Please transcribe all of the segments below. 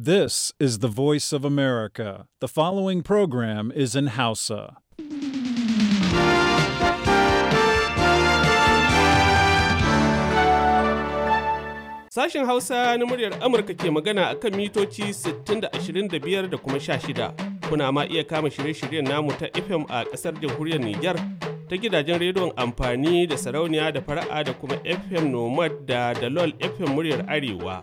This is the voice of America. The following program is in Hausa. Sashen Hausa na muryar Amurka ke magana a kan mitoci 60 da da kuma 16. Kuna ma iya kama shirye-shiryen namu ta FM a ƙasar jamhuriyar Nijar ta gidajen rediyon amfani da sarauniya da fara'a da kuma FM Nomad da Dalol FM muryar Arewa.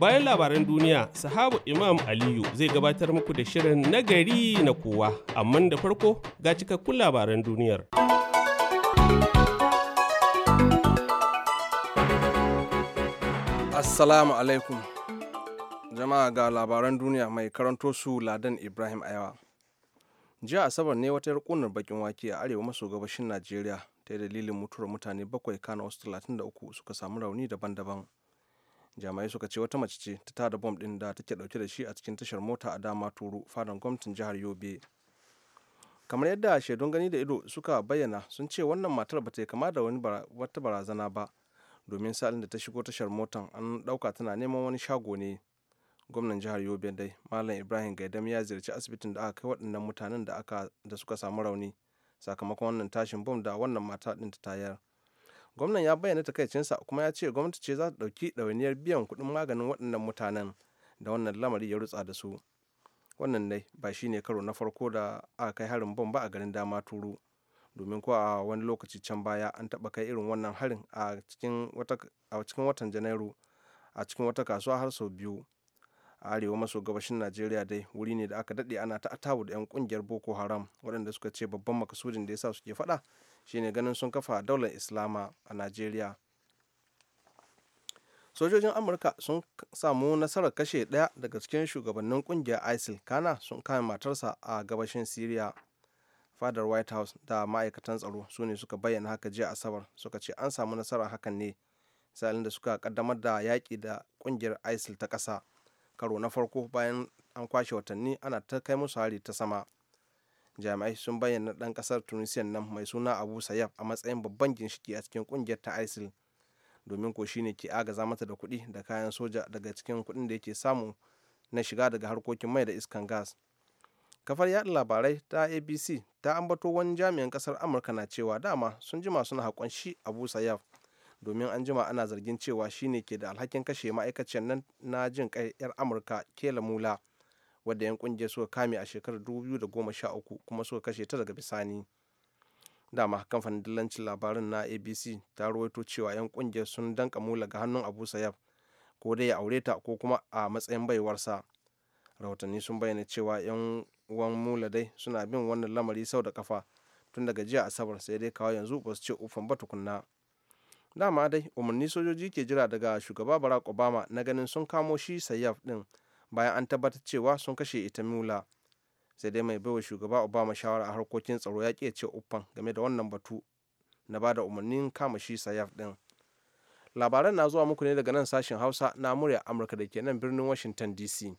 Bayan labaran duniya, sahabu Imam Aliyu zai gabatar muku da shirin nagari na kowa, amma da farko ga cikakkun labaran duniyar. Assalamu alaikum. Jama'a ga labaran duniya mai karanto su Ladan Ibrahim Ayawa. Jiya Asabar ne wata yarkunar bakin wake a arewa maso gabashin Najeriya ta yi dalilin mutuwar mutane bakwai kana wasu 33 suka samu rauni daban-daban. jami'ai suka ce wata mace ce ta tada bom ɗin da take ɗauke da shi a cikin tashar mota a dama turu fadan gwamnatin jihar yobe kamar yadda shaidun gani da ido suka bayyana sun ce wannan matar ba ta yi kama da wani wata barazana ba domin salin da ta shigo tashar motan an ɗauka tana neman wani shago ne gwamnan jihar yobe dai malam ibrahim gaidam ya ziyarci asibitin da aka kai waɗannan mutanen da da suka samu rauni sakamakon wannan tashin bom da wannan mata ɗin ta tayar gwamnan ya bayyana takaicinsa kuma ya ce gwamnati ce za ta ɗauki ɗawainiyar biyan kuɗin maganin waɗannan mutanen da wannan lamari ya rutsa da su wannan dai ba shi ne karo na farko da aka kai harin bomba a garin dama turu domin ko a wani lokaci can baya an taɓa kai irin wannan harin a cikin watan janairu a cikin wata kasuwa har sau biyu a arewa maso gabashin najeriya dai wuri ne da aka daɗe ana ta atawu da 'yan ƙungiyar boko haram waɗanda suka ce babban makasudin da ya sa suke faɗa shine ganin sun kafa daular islama a najeriya sojojin amurka sun samu nasarar kashe ɗaya daga cikin shugabannin kungiyar isil kana sun kame matarsa a gabashin syria fadar white house da ma'aikatan tsaro su ne suka bayyana haka jiya asabar suka ce an samu nasarar hakan ne misalin da suka kaddamar da yaƙi da kungiyar isil ta ƙasa karo na farko bayan an kwashe watanni ana ta kai musu hari ta sama jami'ai sun bayyana ɗan ƙasar tunisiya nan mai suna abu sayyaf a matsayin babban ginshiki a cikin ƙungiyar ta isil domin ko shine ke agaza mata da kuɗi da kayan soja daga cikin kuɗin da yake samu na shiga daga harkokin mai da iskan gas kafar yaɗa labarai ta abc ta ambato wani jami'in ƙasar amurka na cewa dama sun jima suna haƙon shi abu sayyaf domin an jima ana zargin cewa shine ke da alhakin kashe ma'aikaciyar nan na jin kai 'yar amurka kela mula wadda 'yan kungiyar suka kame a shekarar 2013 kuma suka kashe ta daga bisani dama kamfanin dillancin labarin na abc ta rawaito cewa 'yan kungiyar sun danka mula ga hannun abu sayaf ko dai ya aure ta ko kuma a matsayin baiwarsa rahotanni sun bayyana cewa 'yan wan mula dai suna bin wannan lamari sau da kafa tun daga jiya asabar sai dai kawo yanzu ba su ce ufan ba tukunna dama dai umarni sojoji ke jira daga shugaba barack obama na ganin sun kamo shi sayaf din bayan an tabbatar cewa sun kashe ita mula sai dai mai baiwa shugaba obama shawara a harkokin tsaro ya ce uffan game da wannan batu na ba da umarnin kama shi sayaf din labaran na zuwa muku ne daga nan sashen hausa na murya amurka da ke nan birnin washington dc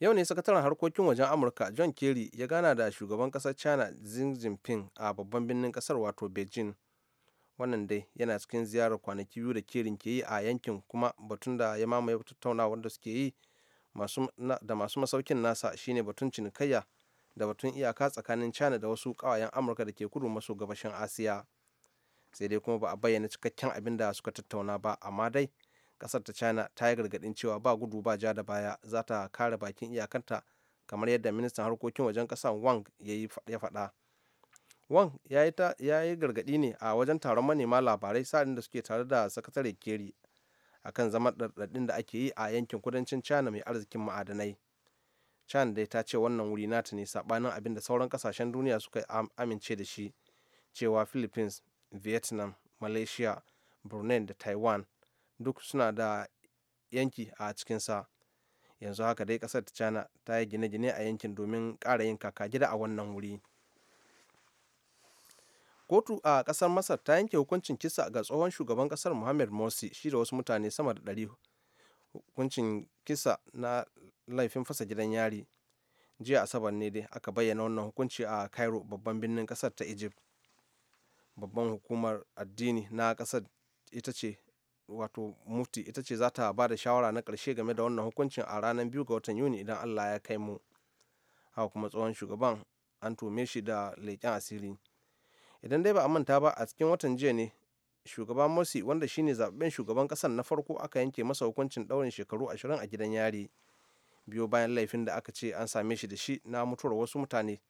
yau ne sakataren harkokin wajen amurka john kerry ya gana da shugaban kasar china xi jinping a babban birnin kasar wato beijing wannan dai yana cikin ziyarar kwanaki biyu da kerin ke yi a yankin kuma batun da ya mamaye tattaunawar da suke yi da masu masaukin nasa shine batun cinikayya da batun iyaka tsakanin china da wasu kawayen amurka da ke kudu maso gabashin asiya sai dai kuma ba a bayyana cikakken abin da suka tattauna ba amma dai kasar ta china ta yi gargadin cewa ba gudu ba ja da baya za ta kare bakin iyakanta kamar yadda ministan harkokin wajen kasan wang ya faɗa Wang ya yi gargaɗi ne a wajen taron manema labarai sa'adin da suke tare da sakatare keri a kan zaman ɗarɗarɗin da ake yi a yankin kudancin China mai arzikin ma'adanai. China dai ta ce wannan wuri nata ne saɓanin abin da sauran ƙasashen duniya suka amince da shi cewa Philippines, Vietnam, Malaysia, Brunei da Taiwan duk suna da yanki a cikinsa. Yanzu haka dai ƙasar China ta yi gine-gine a yankin domin ƙara yin kaka gida a wannan wuri. kotu a kasar masar ta yanke hukuncin kisa ga tsohon shugaban kasar muhammad morsi shi da wasu mutane sama da ɗari hukuncin kisa na laifin fasa gidan yari jiya asabar ne dai aka bayyana wannan hukunci a cairo babban birnin kasar ta egypt babban hukumar addini na kasar ita ce wato mufti ita ce za ta ba da shawara na karshe game da wannan hukuncin a ranar biyu ga watan yuni idan allah ya kai mu haka kuma tsohon shugaban an tume shi da leƙen asiri idan dai ba a manta ba a cikin watan jiya ne shugaban morsi wanda shine zaɓen shugaban ƙasar na farko aka yanke masa hukuncin ɗaurin shekaru ashirin a gidan yari biyo bayan laifin da aka ce an same shi da shi na mutuwar wasu mutane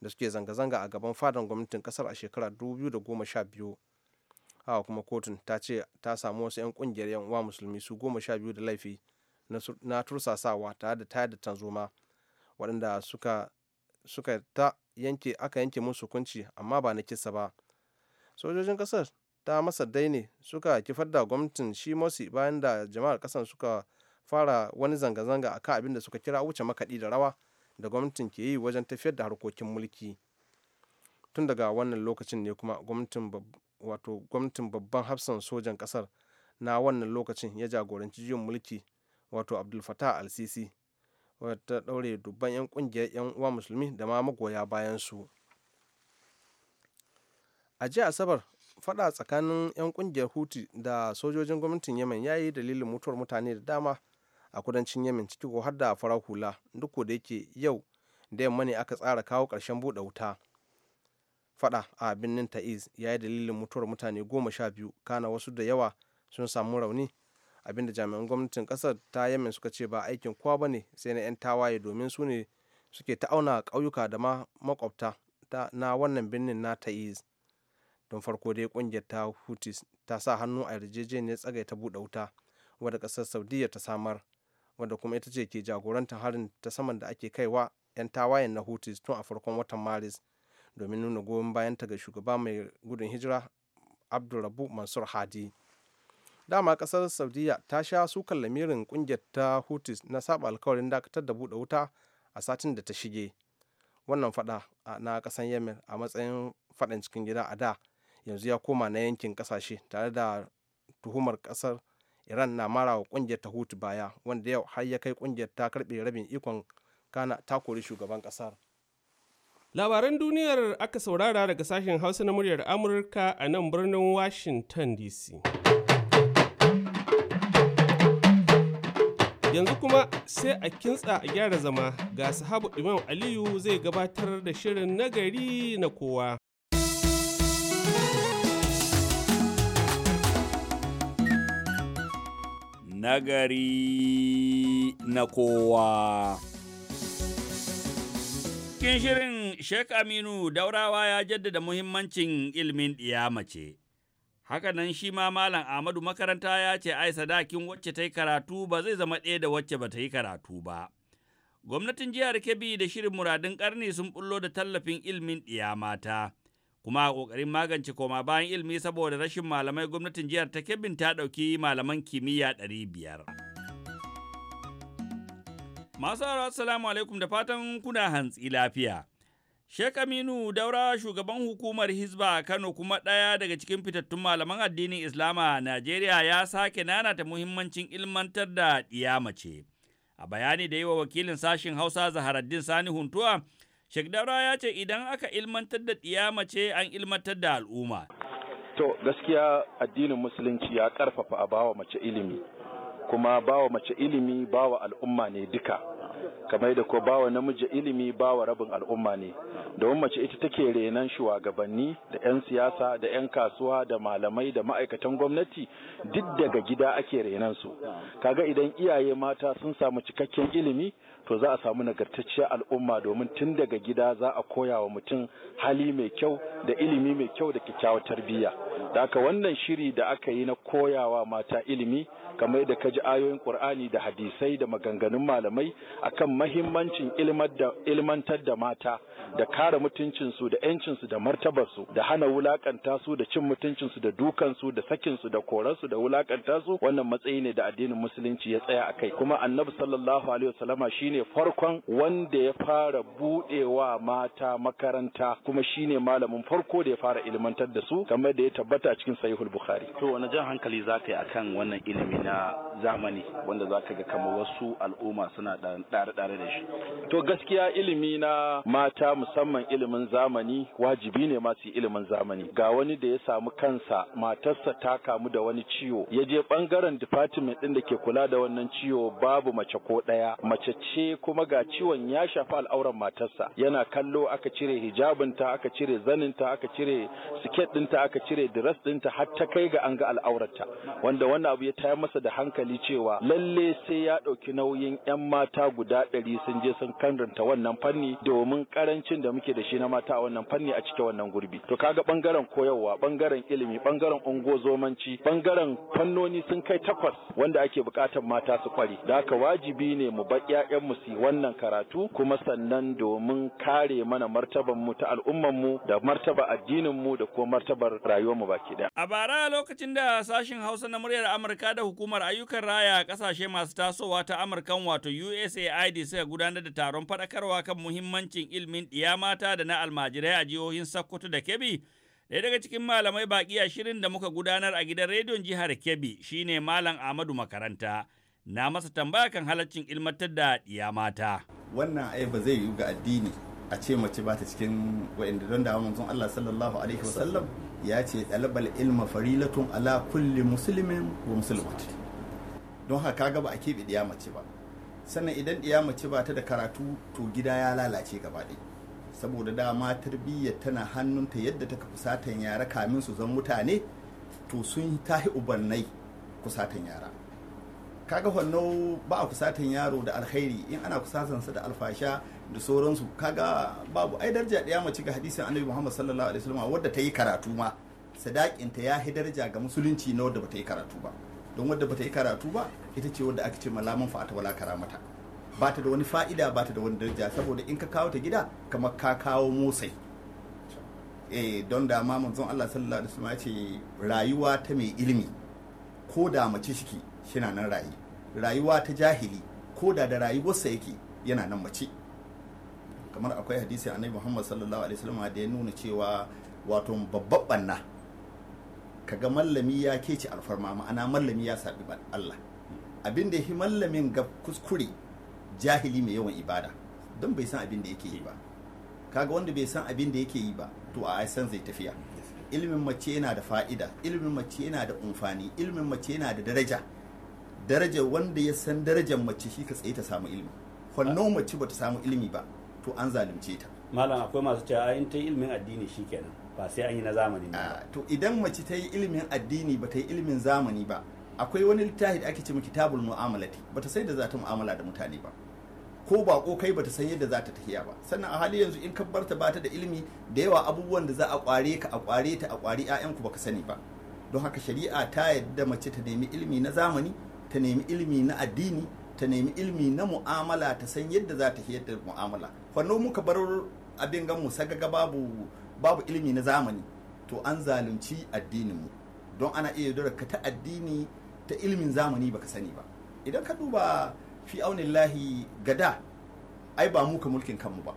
da suke zanga-zanga a gaban fadan gwamnatin kasar a shekara sha 2012 haka kuma kotun ta ce ta samu wasu 'yan kungiyar 'yan uwa musulmi su goma sha biyu da laifi na tursasawa tare da tayar da tanzoma waɗanda suka suka ta yanke aka yanke musu hukunci amma ba na kisa ba sojojin kasar ta masa dai ne suka kifar da gwamnatin shi mosi bayan da jama'ar kasar suka fara wani zanga-zanga a akan abin da suka kira wuce makaɗi da rawa da gwamnatin ke yi wajen tafiyar da harkokin mulki tun daga wannan lokacin ne kuma gwamnatin babban hafsan sojan kasar na wannan lokacin ya jagoranci juyin mulki wato abdul fatah al-sisi wadda ɗaure dubban 'yan ƙungiyar 'yan uwa musulmi da ma magoya bayan su a jiya asabar fada tsakanin 'yan ƙungiyar huti da sojojin gwamnatin yemen ya yi dalilin mutuwar mutane da dama a kudancin yemen ciki ko har da farar hula duk da yake yau da yamma ne aka tsara kawo ƙarshen buɗe wuta fada a birnin ta'iz ya yi dalilin mutuwar mutane goma sha biyu kana wasu da yawa sun samu rauni abinda jami'an gwamnatin kasar ta yamin suka ce ba aikin kowa ba ne sai na 'yan tawaye domin su ne suke ta'auna auna ƙauyuka da ma makwabta na wannan birnin na ta'iz don farko dai kungiyar ta hutis ta sa hannu a yarjejeniyar ta buɗe wuta wadda ƙasar saudiya ta samar wadda kuma ita ce ke jagorantar harin ta saman da ake kaiwa 'yan tawayen na hutis tun a farkon watan maris domin nuna goyon bayanta ga shugaba mai gudun hijira abdulrabu mansur hadi dama kasar saudiya ta sha sukan lamirin kungiyar ta houthis na saba alkawarin dakatar da bude wuta a satin da ta shige wannan fada na kasan yemen a matsayin fadan cikin gida a da yanzu ya koma na yankin kasashe tare da tuhumar kasar iran na mara wa kungiyar ta hutu baya wanda yau har ya kai kungiyar ta karbe rabin ikon kana ta kori shugaban kasar labaran duniyar aka saurara daga sashen hausa na muryar amurka a nan birnin washington dc Yanzu kuma sai a kintsa a gyara zama ga sahabu Imam Aliyu zai gabatar da shirin nagari na kowa. Nagari na kowa. Cikin shirin Sheikh Aminu Daurawa ya jaddada muhimmancin ilimin ɗiya mace. Hakanan shi ma Malam Ahmadu makaranta ya ce ai sadakin wacce ta yi karatu ba zai zama ɗaya da wacce ba ta yi karatu ba. Gwamnatin jihar Kebbi da shirin muradun ƙarni sun bullo da tallafin ilmin ɗiya mata. Kuma a ƙoƙarin magance koma bayan ilmi saboda rashin malamai gwamnatin jihar ta Kebbi ta ɗauki malaman kimiyya ɗari biyar. Masu assalamu alaikum da fatan kuna hantsi lafiya. Sheikh Aminu Daura shugaban hukumar Hizba Kano kuma ɗaya daga cikin fitattun malaman addinin Islama a Najeriya ya sake nanata muhimmancin ilmantar da mace. A bayani da yi wa wakilin sashen Hausa Zaharaddin Sani Huntuwa, Sheikh Daura ya ce idan aka ilmantar da mace an ilmantar da al'umma. To gaskiya addinin musulunci ya karfafa a bawa mace ilimi, kuma bawa mace ilimi bawa al'umma ne duka. kamar da ko bawa namiji ilimi bawa rabin al'umma ne domin mace ita take renan shugabanni da 'yan siyasa da 'yan kasuwa da malamai da ma'aikatan gwamnati duk daga gida ake renan su kaga idan iyaye mata sun samu cikakken ilimi to za a samu nagartacciyar al'umma domin tun daga gida za a koya wa mutum hali mai kyau da ilimi mai kyau da kyakkyawar tarbiyya Daka wannan shiri da aka yi na koyawa mata ilimi kamar da ji ayoyin Qur'ani da hadisai da maganganun malamai akan mahimmancin ilmantar da mata da kare mutuncinsu da 'yancinsu da martabarsu da hana wulakanta su da cin mutuncinsu da dukansu da sakinsu da korarsu da wulakanta su wannan matsayi ne da addinin musulunci ya tsaya a kai kuma annabi sallallahu alaihi wasallama shine farkon wanda ya fara buɗewa mata makaranta kuma shine malamin farko da ya fara ilmantar da su kamar da ya tabbata a cikin sahihul bukhari to wani jan hankali za ka yi a kan wannan ilimi na zamani wanda za ka ga kama wasu al'umma suna ɗare-ɗare da shi to gaskiya ilimi na mata musamman ilimin zamani wajibi ne masu ilimin zamani ga wani da ya samu kansa matarsa ta kamu da wani ciwo ya je bangaren department ɗin da ke kula da wannan ciwo babu mace ko ɗaya mace ce kuma ga ciwon ya shafi al'auran matarsa yana kallo aka cire hijabinta aka cire zaninta aka cire siket ɗinta aka cire diras dinta har ta kai ga an ga al'aurarta wanda wannan abu ya tayar masa da hankali cewa lalle sai ya ɗauki nauyin 'yan mata guda ɗari sun je sun kanranta wannan fanni domin karancin da muke da shi na mata a wannan fanni a cikin wannan gurbi to kaga bangaren koyarwa bangaren ilimi bangaren ungozomanci bangaren fannoni sun kai takwas wanda ake bukatar mata su kware da haka wajibi ne mu bar ƴaƴan mu su wannan karatu kuma sannan domin kare mana martaban mu ta al'ummar mu da martaba addinin mu da kuma martabar rayuwar mu baki ɗaya. A bara lokacin da sashin Hausa na muryar Amurka da hukumar ayyukan raya a kasashe masu tasowa ta Amurkan wato USAID suka gudanar da taron faɗakarwa kan muhimmancin ilimin ɗiya mata da na almajirai a jihohin Sokoto da Kebbi. Ɗaya daga cikin malamai baƙi a shirin da muka gudanar a gidan rediyon jihar Kebbi shine Malam Ahmadu Makaranta. Na masa tambaya kan halaccin ilmantar da ɗiya mata. Wannan ai ba zai yi ga addini a ce mace ba ta cikin wa'inda don da manzon Allah sallallahu alaihi wasallam ya ce ɗalibal ilma farilatun ala kulli musulmin wa Musulmati. don haka kaga ba a keɓe ɗiya mace ba sannan idan ɗiya mace ba ta da karatu to gida ya lalace gaba saboda dama tarbiyya tana hannunta yadda ta kusatan yara kamin su zan mutane to sun tahi ubannai kusatan yara kaga hannu ba a kusatan yaro da alkhairi in ana kusatansa da alfasha da sauransu kaga babu ai daraja ɗaya mace ga hadisin annabi muhammad sallallahu alaihi wasallam wadda ta yi karatu ma sadakinta ya yi daraja ga musulunci na wadda bata yi karatu ba don wadda bata yi karatu ba ita ce wadda aka ce malaman fa'ata wala karamata ba ta da wani fa'ida ba ta da wani daraja saboda in ka kawo ta gida kamar ka kawo motsai eh don da ma manzon Allah sallallahu alaihi wasallam ya ce rayuwa ta mai ilimi ko da mace shiki shina nan rayi rayuwa ta jahili ko da da rayuwarsa yake yana nan mace kamar akwai hadisi nai muhammad sallallahu alaihi wasallam da ya nuna cewa wato babban banna kaga mallami ya keci alfarma ma'ana mallami ya sabi Allah abin da ya mallamin ga kuskure jahili mai yawan ibada don bai san abin da yake yi ba kaga wanda bai san abin da yake yi ba to a san zai tafiya ilimin mace yana da fa'ida ilimin mace yana da umfani ilimin mace yana da daraja daraja wanda ya san darajar mace shi ka tsaye ta samu ilimi kwanno mace bata samu ilimi ba to an zalunce ta malam akwai masu cewa in ta yi ilimin addini shikenan ba sai an yi na zamani ba ah, to idan mace ta yi ilimin addini ba ta yi ilimin zamani ba akwai wani littafi da ake ce kitabul mu'amalati bata sai da za ta mu'amala da mutane ba ko ba ko kai bata san yadda za ta tafiya ba sannan a hali yanzu in kabbarta ba ta da ilimi da yawa abubuwan da za a kware ka a kware ta a kwari ba ka sani ba don haka shari'a ta yadda mace ta nemi ilimi na zamani ta nemi ilimi na addini ta nemi ilmi na mu'amala ta san yadda za ta yadda mu'amala fannu muka bar abin gan mu sagaga babu babu ilmi na zamani to an zalunci addinin mu don ana iya yaudara ka ta addini ta ilmin zamani baka sani ba idan ka duba fi lahi gada ai ba mu ka mulkin kanmu ba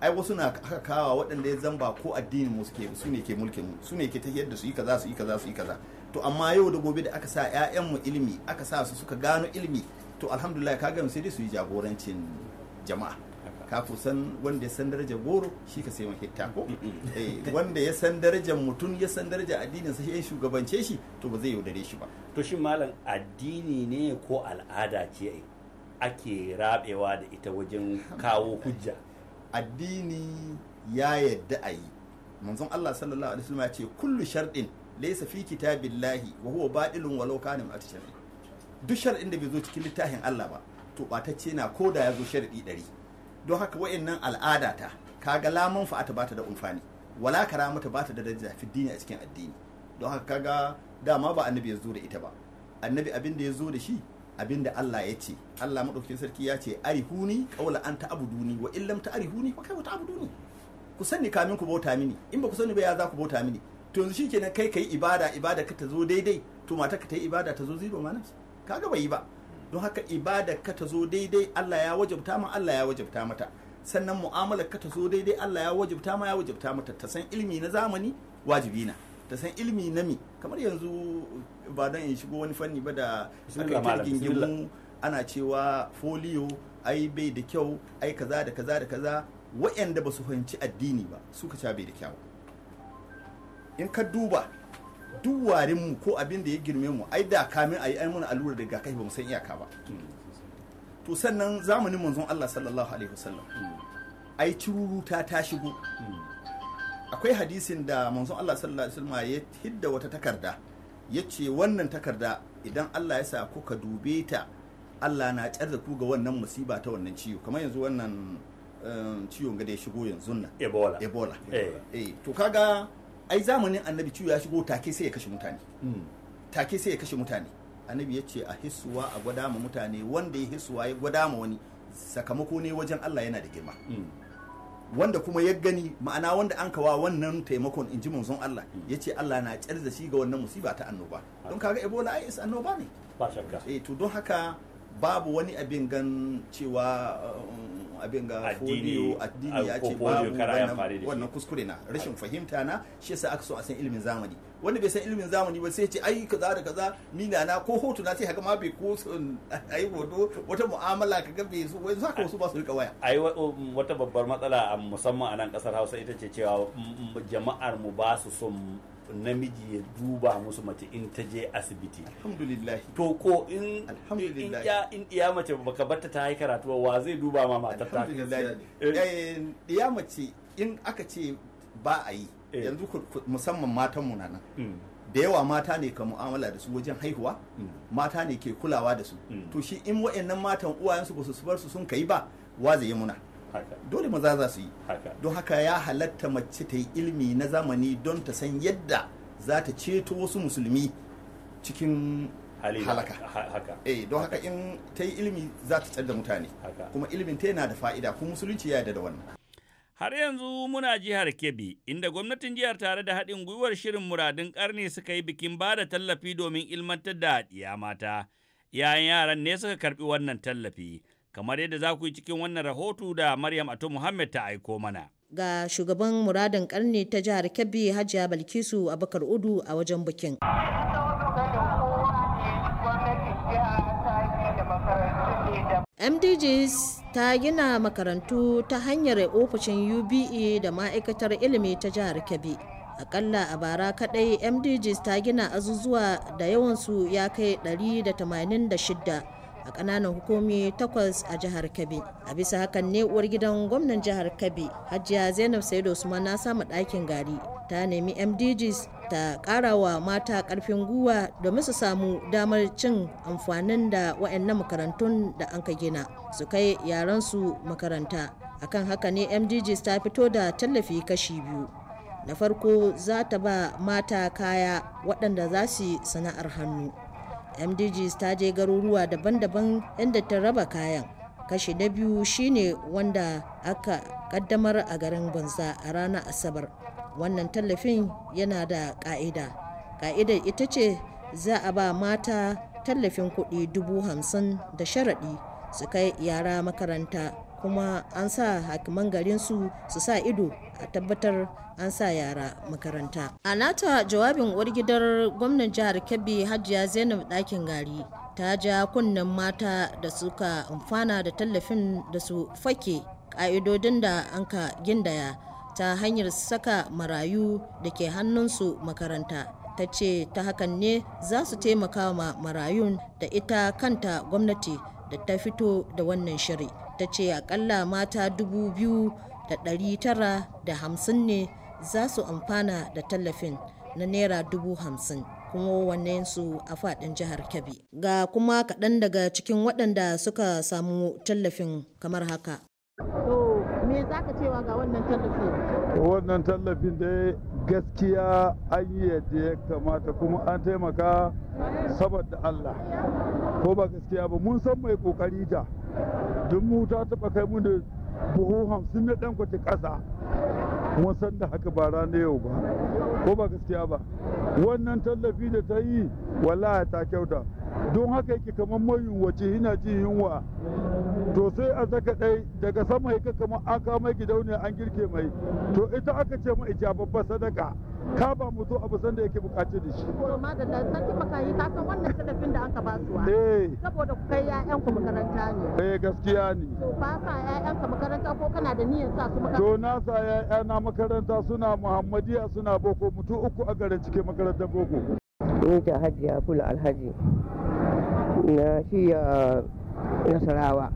ai wasu na haka kawa waɗanda ya zamba ko addinin mu su ne ke mulkin mu su ne ke ta yadda su yi kaza su yi kaza su yi kaza to amma yau da gobe da aka sa 'ya'yanmu ilimi aka sa su suka gano ilimi to alhamdulillah ka gano sai dai su yi jagorancin jama'a ka kusan wanda ya san darajar goro shi ka sayan hitta ko eh, wanda ya san darajar mutum ya san darajar addinin sai ya shugabance shi to ba zai yaudare shi ba to shi malam addini ne ko al'ada ce ake rabewa da ita wajen kawo hujja addini ya yadda a yi manzon Allah sallallahu alaihi wasallam ya ce kullu sharɗin laysa fi kitabillahi wa huwa ba'ilun walau kana min duk sharaɗin da bai zo cikin littafin Allah ba to ɓatacce na ko da ya zo sharaɗi ɗari don haka wa'annan al'ada ta kaga laman fa'ata bata da umfani wala ta bata da daraja fi dini a cikin addini don haka kaga dama ba annabi ya zo da ita ba annabi abin da ya zo da shi abin da Allah ya ce Allah madaukakin sarki ya ce arihuni qawla anta abuduni wa illam ta arihuni fa ta abuduni ku sani kamin ku bauta mini in ba ku sani ba ya za ku bauta mini to yanzu shikenan kai kai ibada ibada ka ta zo daidai to mata ka ta yi ibada ta zo zero manas kaga bai yi ba don haka ibada ka ta zo daidai Allah ya wajabta ma Allah ya wajabta mata sannan muamala ka ta zo daidai Allah ya wajabta ma ya wajabta mata ta san ilimi na zamani wajibi na ta san ilimi na mi kamar yanzu ba dan in shigo wani fanni ba da aka gingimu ana cewa folio ai bai da kyau ai kaza da kaza da kaza wa'anda ba su fahimci addini ba suka ca bai da kyau in ka duba duk warin mu ko abin da ya girme mu ai da kamin ayi ai muna allurar kai ba mu san iyaka ba to sannan zamanin manzon Allah sallallahu alaihi wasallam ai cururuta ta shigo akwai hadisin da manzon Allah sallallahu alaihi wasallam ya hidda wata takarda yace wannan takarda idan Allah ya sa kuka dube ta Allah na tsar da ku ga wannan musiba ta wannan ciwo kamar yanzu wannan eh, ciwon ga da ya shigo yanzu nan ebola ebola eh, eh to kaga ai zamanin annabi ciwo ya shigo take sai ya kashe mutane hmm. take sai ya kashe mutane annabi ya ce a hisuwa a gwada ma mutane wanda ya hisuwa ya gwada ma wani sakamako ne wajen Allah yana da girma hmm. wanda kuma ya gani ma'ana wanda an kawa wannan taimakon in ji manzon Allah ya ce Allah na ƙyar da shi ga wannan musiba ta annoba don kaga ebola ai is annoba ne ba shakka eh to don haka babu wani abin gan cewa um, abin ga folio addini ya ce babu wannan kuskure na rashin fahimta na shi yasa aka so a san ilimin zamani wanda bai san ilimin zamani ba sai ce ai kaza da kaza ni na na ko hoto na sai haka ma bai ko ai hoto wata mu'amala ka ga bai so wai zaka wasu ba su rika waya ai um, wata babbar matsala musamman a nan kasar Hausa ita ce cewa jama'ar mu ba su son namiji ya duba musu mace in ta je asibiti alhamdulillah to ko in in iya mace baka barta ta yi karatu wa zai duba ma mata ta iya eh. eh, mace in aka ce ba a yi eh. yanzu musamman matan mu nan hmm. da yawa mata ne ka mu'amala da su wajen haihuwa hmm. mata ne ke kulawa da su hmm. to shi in wa'annan matan uwayensu ba su bar su sun kai ba wa zai yi muna dole maza za su yi don haka ya halatta mace ta yi ilimi na zamani don ta san yadda za ta ceto wasu musulmi cikin halaka eh don haka in ta yi ilimi za ta tsar da mutane kuma ilimin ta yana da fa'ida kuma musulunci ya yada da wannan Har yanzu muna jihar Kebbi, inda gwamnatin jihar tare da haɗin gwiwar shirin muradin ƙarni suka yi bikin ba da tallafi domin ilmantar da ɗiya mata. yayin yaran ne suka karɓi wannan tallafi. kamar yadda za ku yi cikin wannan rahoto da Maryam Ato Muhammad ta aiko mana. Ga shugaban muradin karni ta jihar Kebbi Hajiya Balkisu a bakar Udu a wajen bikin. MDGs ta gina makarantu ta hanyar ofishin UBE da ma'aikatar ilimi ta jihar Kebbi. Akalla a bara kadai MDGs ta gina azuzuwa da yawansu ya kai 186. a kananan hukumi takwas a jihar kabi A bisa hakan ne uwar gidan gwamnan jihar kabi Hajiya Zainab Saido Usman na samu ɗakin gari ta nemi MDGs ta wa mata karfin guwa domin su samu damar cin amfanin da wa'annan makarantun da an ka gina su kai su makaranta. Akan haka ne MDGs ta fito da tallafi kashi biyu. na farko za ta ba mata kaya waɗanda za su sana'ar hannu mdgs ta je garuruwa daban-daban inda ta raba kayan kashi na biyu shine wanda aka kaddamar a garin banza a ranar asabar wannan tallafin yana da ka'ida ka'idar ita ce za a ba mata tallafin kuɗi dubu hamsin da sharaɗi su kai yara makaranta kuma an sa hakiman garinsu su sa ido a tabbatar an sa yara makaranta a nata jawabin wargidar gwamnan jihar kebbi hajiya zainab ɗakin gari ta ja kunnen mata da suka amfana da tallafin da su fake ƙa'idodin da an ka gindaya ta hanyar saka marayu da ke hannunsu makaranta ta ce ta hakan ne za su taimaka ma marayun da ita kanta gwamnati da ta fito da wannan shiri ta ce akalla mata 2,950 ne za su amfana da tallafin na naira 50,000 kuma su a fadin jihar kebbi ga kuma kaɗan daga cikin waɗanda suka samu tallafin kamar haka to me za ka cewa ga wannan tallafin wannan tallafin dai gaskiya an yi yadda ya kamata kuma an taimaka saboda allah ko ba gaskiya ba mun san mai kokari da duk mu ta taɓa kai mu da buhu hamsin na ɗan kwace ƙasa mun san da haka ba ranar yau ba ko ba gaskiya ba wannan tallafi da ta yi wallahi ta kyauta don haka yake kamar wace ina ji yunwa to sai a zaka dai daga sama yake kamar an kawo mai gidauniya an girke mai to ita aka ce mai ita babbar sadaka ka ba zo abu sanda yake bukace da shi. To madalla sarki yi ka san wannan sadafin da aka ba su wa. Eh. Saboda ku kai ƴaƴan ku makaranta ne. Eh gaskiya ne. To ba sa ƴaƴan ka makaranta ko kana da niyyar sa su makaranta. To na sa ƴaƴa na makaranta suna Muhammadiya suna boko mutu uku a garin cike makarantar boko. Ni ta Hajiya abul Alhaji. Na ya Nasarawa.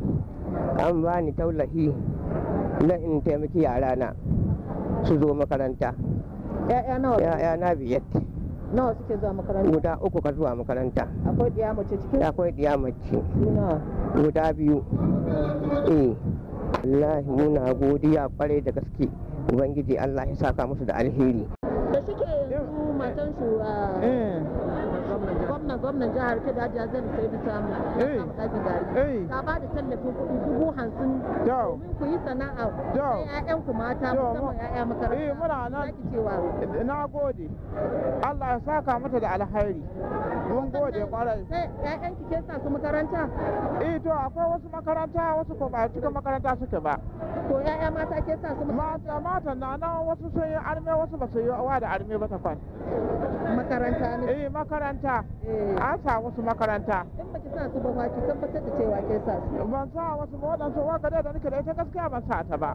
An bani taulahi, na in taimaki yarana su zo makaranta. 'ya'ya nawa ya'ya na biyar nawa suke zuwa makaranta guda uku ka zuwa makaranta akwai diya mace cikin akwai diya mace guda biyu eh wallahi muna godiya kwarai da gaske ubangiji Allah ya saka musu da alheri gwamnan jihar Kebbi Hajiya Zainab Sa'idu Sama ya eh, samu ɗakin gari. Eh. Ta ba da tallafin kuɗi dubu hamsin domin ku yi sana'a da ƴaƴanku mata musamman ƴaƴa makaranta. Eh muna nan. Na gode. Allah ya saka mata da alhairi. Mun gode kwarai. Sai ƴaƴanki ke sa su makaranta? Eh to akwai wasu makaranta wasu ko ba cikin makaranta suke ba. To ƴaƴa mata ke sa su makaranta? Mata na nan wasu sun yi arme wasu ba su yi wa da arme ba ta kwan. Makaranta ne? Eh makaranta. Eh an sa musu makaranta in baki sa su ba ma ki tabbatar da cewa ke sa su ban sa wasu ba wadansu waka da nake da ita gaskiya ban sa ta ba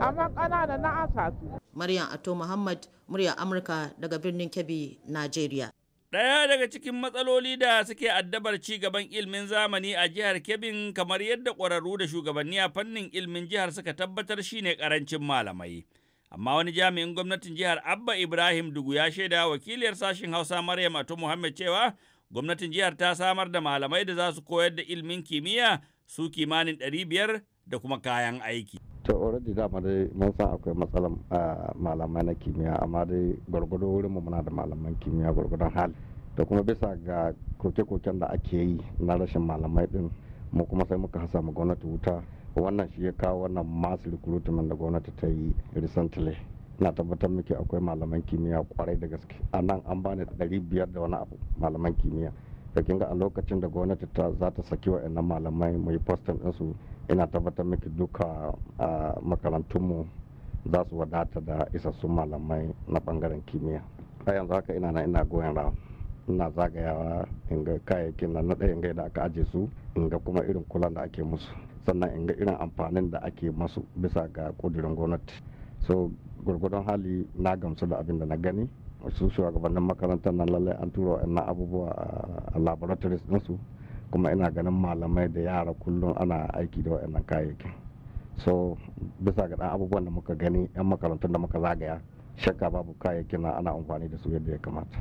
amma ƙananan na an sa su Maryam Ato Muhammad murya Amurka daga birnin Kebbi Najeriya Ɗaya daga cikin matsaloli da suke addabar ci gaban ilimin zamani a jihar Kebbin kamar yadda ƙwararru da shugabanni a fannin ilimin jihar suka tabbatar shine karancin malamai. amma wani jami'in gwamnatin jihar abba ibrahim dugu ya shaida wakiliyar sashen hausa maryam ato muhammad cewa Gwamnatin jihar ta samar da malamai da za su koyar da ilmin kimiyya su kimanin ɗari biyar da kuma kayan aiki. To already dama dai mun san akwai matsalar ah, malamai na kimiyya amma dai gwargwado wurin mu muna da malaman kimiyya gwargwadon hali. Da kuma bisa ga koke-koken da ake yi na rashin malamai din mu kuma sai muka hasa mu gwamnati wuta wannan shi ya kawo wannan mass recruitment da gwamnati ta yi recently. na tabbatar muke akwai malaman kimiyya kwarai da gaske a nan an bani ɗari biyar da wani abu malaman kimiyya da kin ga a lokacin da gwamnati ta za ta saki wa wa'annan malamai mai postin ɗinsu ina tabbatar muke duka a makarantunmu za su wadata da isassun malamai na bangaren kimiyya a yanzu haka ina na ina goyon rawa ina zagayawa in ga kayayyakin nan na ɗaya da aka aje su in ga kuma irin kulan da ake musu sannan in ga irin amfanin da ake masu bisa ga ƙudurin gwamnati so gwargwadon hali na gamsu da abin da na gani su shugabannin makarantar nan lallai an tura wa'annan abubuwa a laboratories ɗinsu kuma ina ganin malamai da yara kullum ana aiki da wa'annan kayayyakin so bisa ga abubuwan da muka gani 'yan makarantun da muka zagaya shakka babu kayayyakin na ana amfani da su yadda ya kamata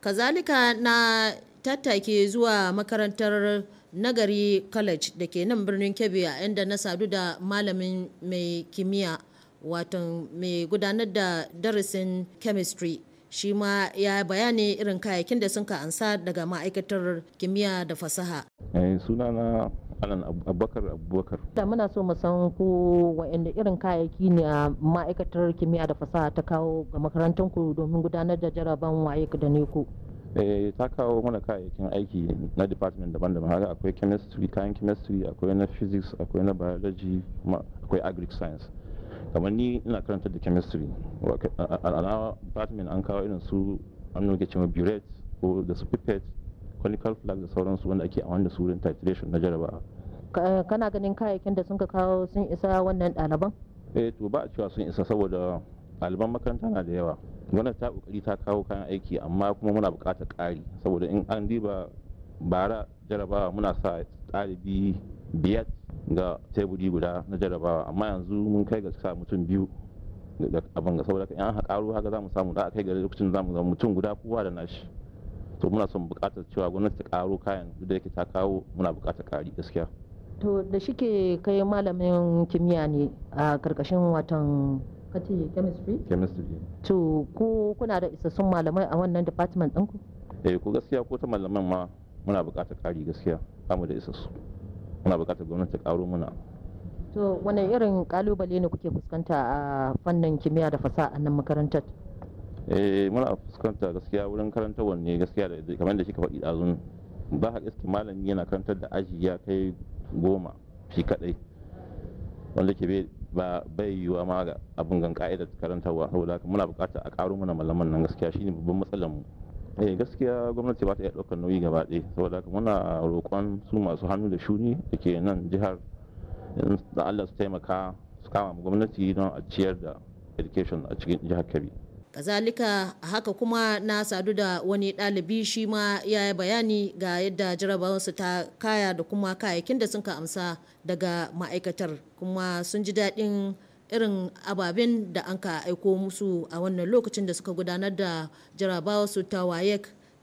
kazalika na tattake zuwa makarantar nagari college da ke nan birnin kebbi a inda na sadu da malamin mai kimiyya wato mai gudanar da darasin chemistry shi ma ya bayani irin kayayyakin da sun ka ansa daga ma'aikatar kimiyya da fasaha. Eh, sunana alan abubakar abubakar da muna so mu san ko wa'anda irin kayayyaki ne a ma'aikatar kimiyya da fasaha ta kawo ga makarantar domin gudanar da jaraban waye da ne eh, ta kawo mana kayayyakin aiki na department daban-daban haka akwai chemistry kayan chemistry akwai na physics akwai na biology akwai agric science kamar ni ina karanta da chemistry a department an kawo irin su an nuke cewa burette ko da su pipette conical flag da sauransu wanda ake a wanda su wurin titration na jarabawa kana ganin kayayyakin da sun ka kawo sun isa wannan ɗaliban eh to ba a cewa sun isa saboda ɗaliban makaranta na da yawa gwamnati ta kokari ta kawo kayan aiki amma kuma muna buƙatar ƙari saboda in an diba bara jarabawa muna sa ɗalibi biyar ga teburi guda na jarabawa amma yanzu mun kai ga sa mutum biyu da abin ga saboda yan haka karo haka za mu samu da a kai ga lokacin za mu zama mutum guda kowa da nashi to muna son bukatar cewa gwamnati ta karo kayan duk da yake ta kawo muna bukatar kari gaskiya to da shike kai malamin kimiyya ne a karkashin watan kati chemistry chemistry to ko kuna da isassun malamai a wannan department ɗinku? eh ko gaskiya ko ta malaman ma muna bukatar ƙari gaskiya ba mu da isassu muna bukatar gwamnati ta karo mana to wani irin kalubale ne kuke fuskanta a fannin kimiyya da fasaha nan makarantar eh muna fuskanta gaskiya wurin karantarwar ne gaskiya da kamar da kika faɗi ɗazun ba ka gaske malami yana karantar da aji ya kai goma shi kaɗai wanda ke ba bai yiwuwa ma ga abin gan ka'idar karantarwa saboda muna bukatar a karo mana malaman nan gaskiya shine babban matsalar mu eh gaskiya gwamnati ba ta iya ɗaukar nauyi gaba ɗaya saboda haka muna roƙon su masu hannu da shuni da ke nan jihar da Allah su taimaka su kama gwamnati don a ciyar da education a cikin jihar Kebbi. kazalika haka kuma na sadu da wani ɗalibi shi ma ya yi bayani ga yadda jarabawarsu ta kaya da kuma kayayyakin da sun ka amsa daga ma'aikatar kuma sun ji daɗin irin ababen da an ka aiko musu a wannan lokacin da suka gudanar da jarabawa su ta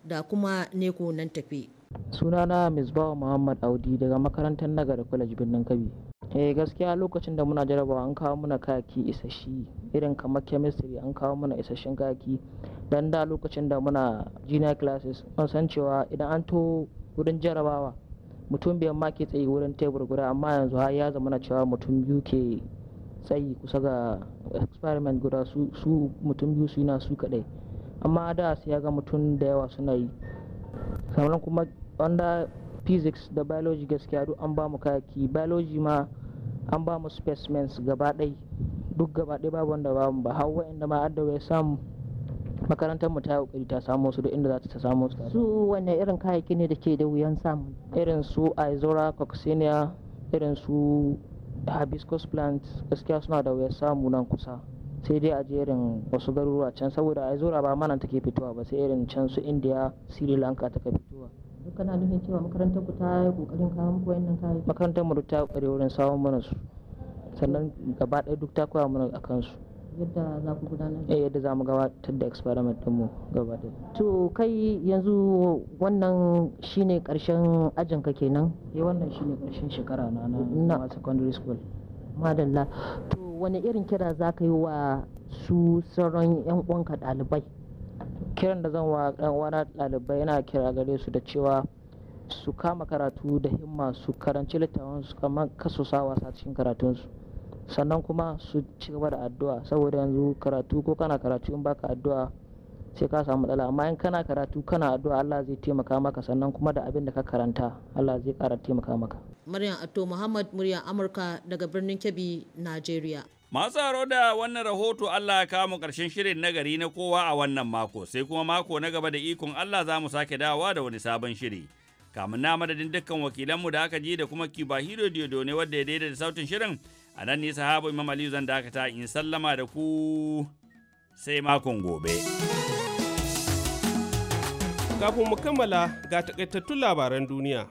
da kuma neko nan tafi. sunana misbawa muhammad audi daga makarantar nagari college birnin kabi eh gaskiya lokacin da muna jarabawa an kawo muna kayaki isashi irin kamar chemistry an kawo muna isashen kayaki dan da lokacin da muna junior classes an san cewa idan an to wurin jarabawa mutum biyan ma ke tsaye wurin tebur guda amma yanzu har ya zama cewa mutum biyu ke tsayi kusa ga experiment guda su mutum biyu su na su kadai amma da sai ya ga mutum da yawa suna yi sannan kuma wanda physics da biology gaskiya duk an ba mu kayaki biology ma an ba mu specimens gaba ɗai duk gaba ɗai babu wanda ba mu ba har inda ma adda wai samu makarantar mu ta kokari ta samu su duk inda za ta samu su su wanne irin kayaki ne da ke da wuyan samu irin su izora coccinia irin su hibiscus plants gaskiya suna da wuyar samu nan kusa sai dai a jerin wasu garuruwa can saboda a zura ba manan take fitowa ba sai irin can su indiya sri lanka take fitowa kana nufin cewa makarantar ku ta yi kokarin kawo muku wannan kayan makarantar mu ta kokari wurin samun mana su sannan gaba ɗaya duk ta koya mana akan su yadda za eh, yadda za mu gabatar da experiment din mu gabatar. to kai yanzu wannan shine karshen ajin ka kenan eh wannan shine karshen shekara na na secondary school madalla to wani irin kira za ka yi wa su sauran yan uwanka ɗalibai kiran da zan wa ɗalibai yana kira gare su da cewa su kama karatu da himma su karanci littafin su kamar kasu sa wasa cikin karatunsu sannan kuma su ci gaba da addu'a saboda yanzu karatu ko kana karatu in baka addu'a sai ka samu matsala amma in kana karatu kana addu'a Allah zai taimaka maka sannan kuma da abin da ka karanta Allah zai ƙara taimaka maka. Maryam Atto Muhammad Muryan Amurka daga birnin Kebbi, Najeriya. Masu haro da wannan rahoto Allah ya kawo mu ƙarshen shirin nagari na kowa a wannan mako sai kuma mako na gaba da ikon Allah za mu sake dawowa da wani sabon shiri. Kamun na madadin dukkan wakilanmu da aka ji da kuma kibahiro Hiro Diodo ne wadda ya daidaita sautin shirin a nan ne sahabu imam aliyu zan dakata in sallama da ku sai makon gobe kafin mu kammala ga takaitattun labaran duniya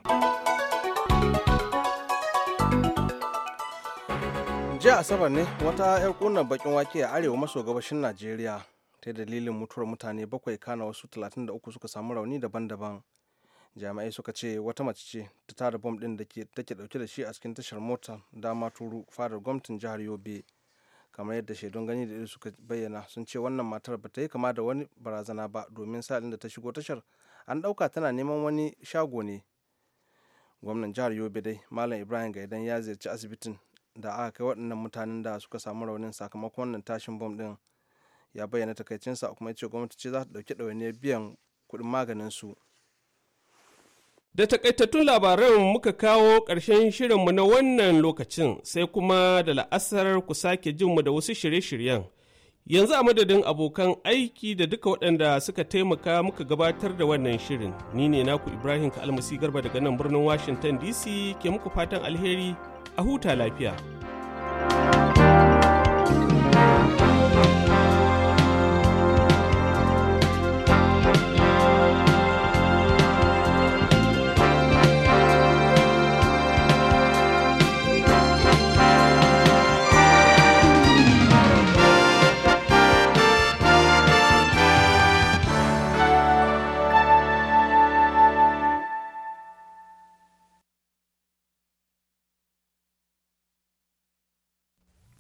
jiya asabar ne wata 'yar kunan bakin wake a arewa maso gabashin najeriya ta dalilin mutuwar mutane bakwai kana wasu 33 suka samu rauni daban-daban jami'ai suka ce wata mace ce ta tara bom din da take dauke da shi a cikin tashar mota dama turu fadar gwamnatin jihar yobe kamar yadda shaidun gani da suka bayyana sun ce wannan matar ba ta yi kama da wani barazana ba domin sa'ilin da ta shigo tashar an ɗauka tana neman wani shago ne gwamnan jihar yobe dai malam ibrahim gaidan ya ziyarci asibitin da aka kai waɗannan mutanen da suka samu raunin sakamakon wannan tashin bom ɗin ya bayyana takaicinsa kuma ya ce gwamnati ce za ta ɗauki ɗawainiyar biyan kuɗin maganin su Da takaitattun labaran muka kawo ƙarshen shirinmu na wannan lokacin sai kuma da la'asar ku sake jinmu da wasu shirye-shiryen. Yanzu a madadin abokan aiki da duka waɗanda suka taimaka muka gabatar da wannan shirin. Ni ne naku Ibrahim Kalmasi Garba daga nan birnin Washington DC ke muku fatan alheri a huta lafiya.